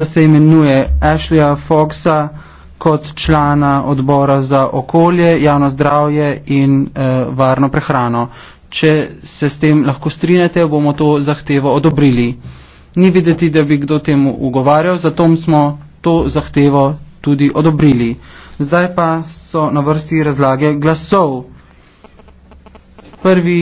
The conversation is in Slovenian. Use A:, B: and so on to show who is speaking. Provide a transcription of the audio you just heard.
A: da se imenuje Ashleya Foxa kot člana odbora za okolje, javno zdravje in uh, varno prehrano. Če se s tem lahko strinjate, bomo to zahtevo odobrili. Ni videti, da bi kdo temu ugovarjal, zato smo to zahtevo tudi odobrili. Zdaj pa so na vrsti razlage glasov. Prvi